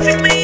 music me